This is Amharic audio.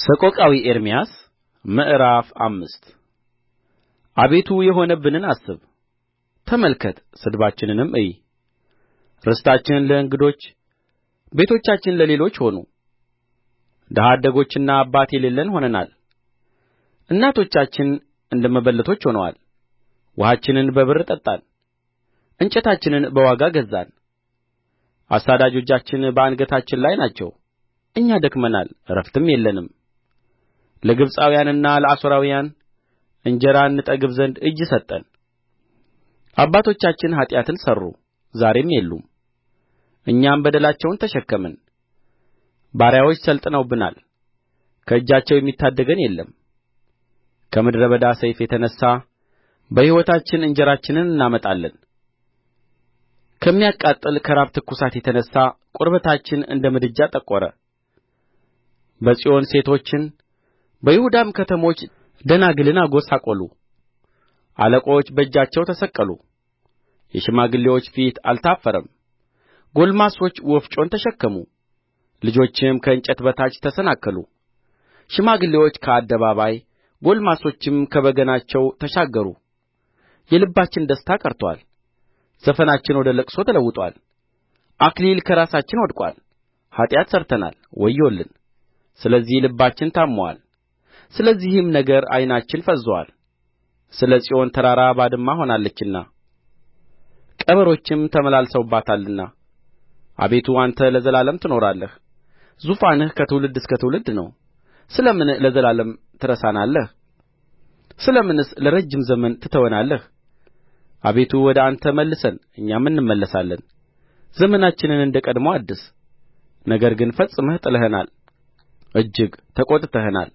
ሰቆቃዊ ኤርምያስ ምዕራፍ አምስት አቤቱ የሆነብንን አስብ ተመልከት ስድባችንንም እይ ርስታችን ለእንግዶች ቤቶቻችን ለሌሎች ሆኑ ድሀ አደጎችና አባት የሌለን ሆነናል እናቶቻችን እንደ መበለቶች ሆነዋል ውኃችንን በብር ጠጣን እንጨታችንን በዋጋ ገዛን አሳዳጆቻችን በአንገታችን ላይ ናቸው እኛ ደክመናል ዕረፍትም የለንም ለግብጻውያንና ለአሦራውያን እንጀራ እንጠግብ ዘንድ እጅ ሰጠን አባቶቻችን ኃጢአትን ሠሩ ዛሬም የሉም እኛም በደላቸውን ተሸከምን ባሪያዎች ሠልጥነውብናል ከእጃቸው የሚታደገን የለም ከምድረ በዳ ሰይፍ የተነሣ በሕይወታችን እንጀራችንን እናመጣለን ከሚያቃጥል ከራብ ትኩሳት የተነሣ ቁርበታችን እንደ ምድጃ ጠቈረ በጽዮን ሴቶችን በይሁዳም ከተሞች ደናግልን አጐሰቈሉ አለቆች በእጃቸው ተሰቀሉ የሽማግሌዎች ፊት አልታፈረም ጕልማሶች ወፍጮን ተሸከሙ ልጆችም ከእንጨት በታች ተሰናከሉ ሽማግሌዎች ከአደባባይ ጕልማሶችም ከበገናቸው ተሻገሩ የልባችን ደስታ ቀርቶአል ዘፈናችን ወደ ልቅሶ ተለውጦአል አክሊል ከራሳችን ወድቆአል ኃጢአት ሠርተናል ወዮልን ስለዚህ ልባችን ታምሞአል ስለዚህም ነገር ዓይናችን ፈዝዞአል ስለ ጽዮን ተራራ ባድማ ሆናለችና ቀበሮችም ተመላልሰውባታልና አቤቱ አንተ ለዘላለም ትኖራለህ ዙፋንህ ከትውልድ እስከ ትውልድ ነው ስለ ምን ለዘላለም ትረሳናለህ ስለ ምንስ ለረጅም ዘመን ትተወናለህ አቤቱ ወደ አንተ መልሰን እኛም እንመለሳለን ዘመናችንን እንደ ቀድሞ አድስ ነገር ግን ፈጽመህ ጥለኸናል እጅግ ተቈጥተኸናል